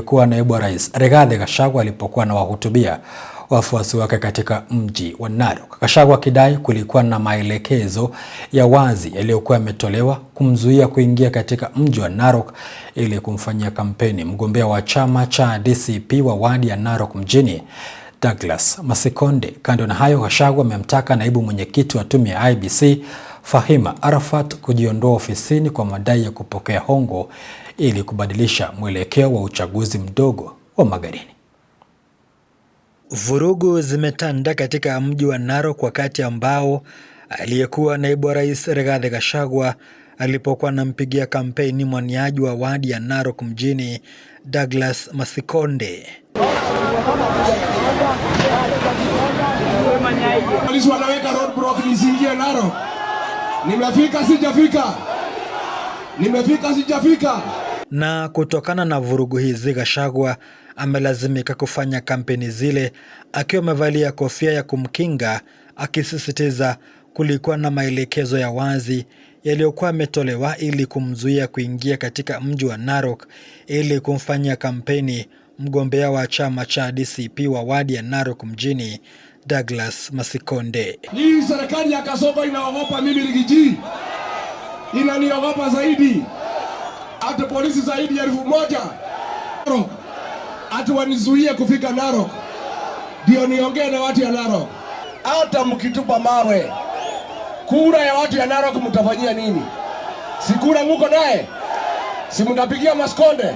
Aliyekuwa naibu wa rais Rigathi Gachagua alipokuwa na wahutubia wafuasi wake katika mji wa Narok. Gachagua akidai kulikuwa na maelekezo ya wazi yaliyokuwa yametolewa kumzuia kuingia katika mji wa Narok ili kumfanyia kampeni mgombea wa chama cha DCP wa wadi ya Narok mjini Douglas Masikonde. Kando na hayo, Gachagua amemtaka naibu mwenyekiti wa tume ya IEBC Fahima Arafat kujiondoa ofisini kwa madai ya kupokea hongo ili kubadilisha mwelekeo wa uchaguzi mdogo wa Magarini. Vurugu zimetanda katika mji wa Narok wakati ambao aliyekuwa naibu wa rais Rigathi Gachagua alipokuwa anampigia kampeni mwaniaji wa wadi ya Narok mjini Douglas Masikonde. Polisi wanaweka roadblock nisiingie Narok. Nimefika sijafika, nimefika sijafika. Na kutokana na vurugu hizi, Gachagua amelazimika kufanya kampeni zile akiwa amevalia kofia ya kumkinga, akisisitiza kulikuwa na maelekezo ya wazi yaliyokuwa ametolewa ili kumzuia kuingia katika mji wa Narok ili kumfanyia kampeni mgombea wa chama cha DCP wa wadi ya Narok mjini Douglas Masikonde. Hii serikali ya Kasongo inaogopa mimi Rigiji, inaniogopa zaidi, ati polisi zaidi ya elfu moja ati wanizuie kufika Narok ndio niongee na watu ya Narok. Hata mkitupa mawe kura ya watu ya Narok mtafanyia nini? Si kura muko naye, si mnapigia Masikonde?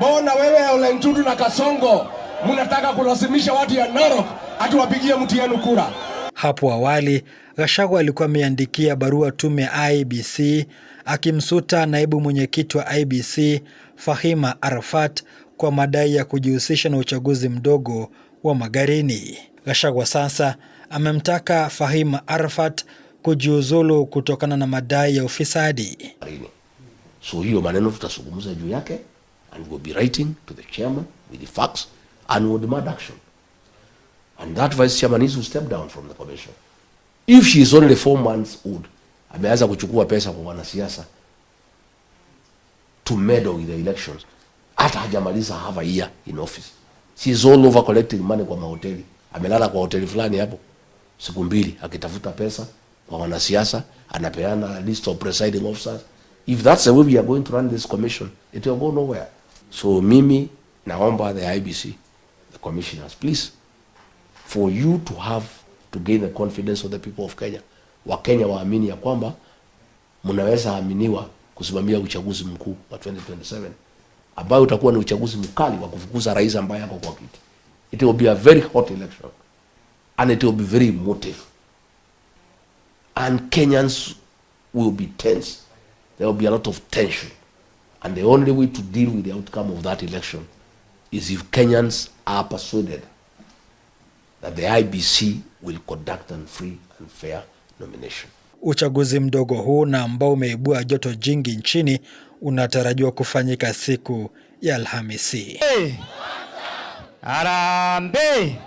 Bona wewe Ole na Kasongo munataka kulazimisha watu ya Narok atuwapigie mti yenu kura. Hapo awali Gachagua alikuwa ameandikia barua tume ya IBC akimsuta naibu mwenyekiti wa IBC Fahima Arafat kwa madai ya kujihusisha na uchaguzi mdogo wa Magarini. Gachagua sasa amemtaka Fahima Arafat kujiuzulu kutokana na madai ya ufisadi. So hiyo maneno tutazungumza juu yake and we'll be writing to the chairman with the facts and with the action and that vice chairman needs to step down from the commission if she is only four months old. Ameanza kuchukua pesa kwa wanasiasa to meddle with the elections, hata hajamaliza half a year in office. She is all over collecting money kwa mahoteli. Amelala kwa hoteli fulani hapo siku mbili akitafuta pesa kwa wanasiasa, anapeana list of presiding officers. If that's the way we are going to run this commission, it will go nowhere. So mimi naomba the IBC, the commissioners, please for you to have to gain the confidence of the people of Kenya. Wakenya waamini ya kwamba mnaweza aminiwa kusimamia uchaguzi mkuu wa 2027 ambayo utakuwa ni uchaguzi mkali wa kufukuza rais ambaye ako kwa kiti. It will be a very hot election and it will be very emotive and Kenyans will be tense. There will be a lot of tension and the only way to deal with the outcome of that election is if Kenyans are persuaded that the IBC will conduct a free and fair nomination. Uchaguzi mdogo huu na ambao umeibua joto jingi nchini unatarajiwa kufanyika siku ya Alhamisi. Hey! Arambe!